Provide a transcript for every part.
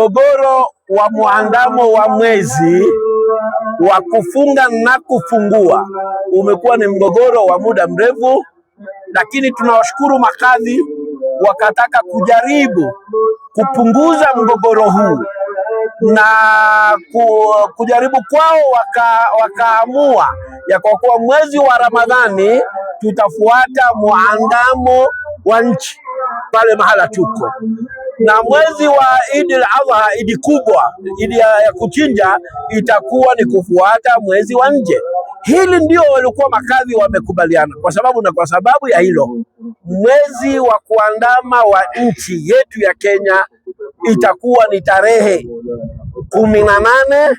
mgogoro wa muandamo wa mwezi wa kufunga na kufungua umekuwa ni mgogoro wa muda mrefu, lakini tunawashukuru makadhi wakataka kujaribu kupunguza mgogoro huu na ku, kujaribu kwao waka, wakaamua ya kwa kuwa mwezi wa Ramadhani tutafuata muandamo wa nchi pale mahala tuko na mwezi wa Idi al-Adha, idi kubwa, idi ya kuchinja, itakuwa ni kufuata mwezi wa nje. Hili ndio walikuwa makadhi wamekubaliana, kwa sababu na kwa sababu ya hilo mwezi wa kuandama wa nchi yetu ya Kenya itakuwa ni tarehe kumi na nane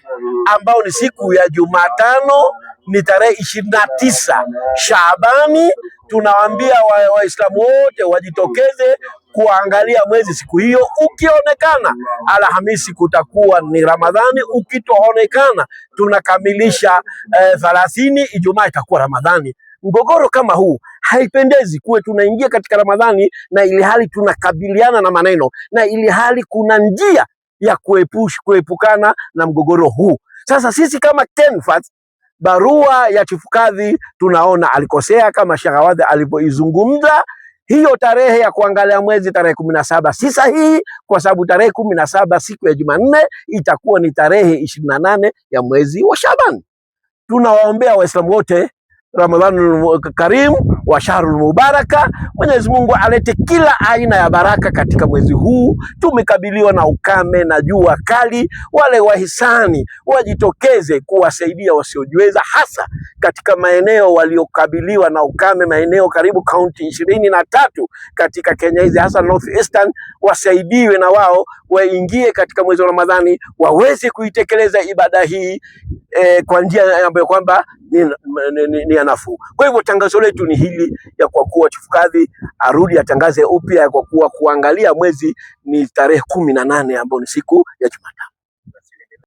ambao ni siku ya Jumatano, ni tarehe ishirini na tisa Shaabani. Tunawaambia Waislamu wa wote wajitokeze kuangalia mwezi siku hiyo. Ukionekana Alhamisi kutakuwa ni Ramadhani, ukitoonekana tunakamilisha eh, thalathini, eh, Ijumaa itakuwa Ramadhani. Mgogoro kama huu haipendezi, kuwe tunaingia katika Ramadhani na ili hali tunakabiliana na maneno na ili hali kuna njia ya kuepush, kuepukana na mgogoro huu. Sasa sisi kama Kenfat, barua ya Chifukadhi tunaona alikosea kama Shagawadhi alivyoizungumza hiyo tarehe ya kuangalia mwezi tarehe kumi na saba si sahihi, kwa sababu tarehe kumi na saba siku ya Jumanne itakuwa ni tarehe ishirini na nane ya mwezi wa Shaban. Tunawaombea Waislamu wote Ramadhani karimu wa shahrul mubaraka. Mwenyezi Mungu alete kila aina ya baraka katika mwezi huu. Tumekabiliwa na ukame na jua kali, wale wahisani wajitokeze kuwasaidia wasiojiweza, hasa katika maeneo waliokabiliwa na ukame, maeneo karibu kaunti ishirini na tatu katika Kenya hizi, hasa North Eastern, wasaidiwe na wao waingie katika mwezi wa Ramadhani waweze kuitekeleza ibada hii eh, kwa njia ambayo kwamba ni, ni, ni, ni nafuu. Kwa hivyo tangazo letu ni hili ajili ya kwa kuwa chufukadhi arudi atangaze upya, kwa kuwa kuangalia mwezi ni tarehe kumi na nane ambayo ni siku ya Jumatano.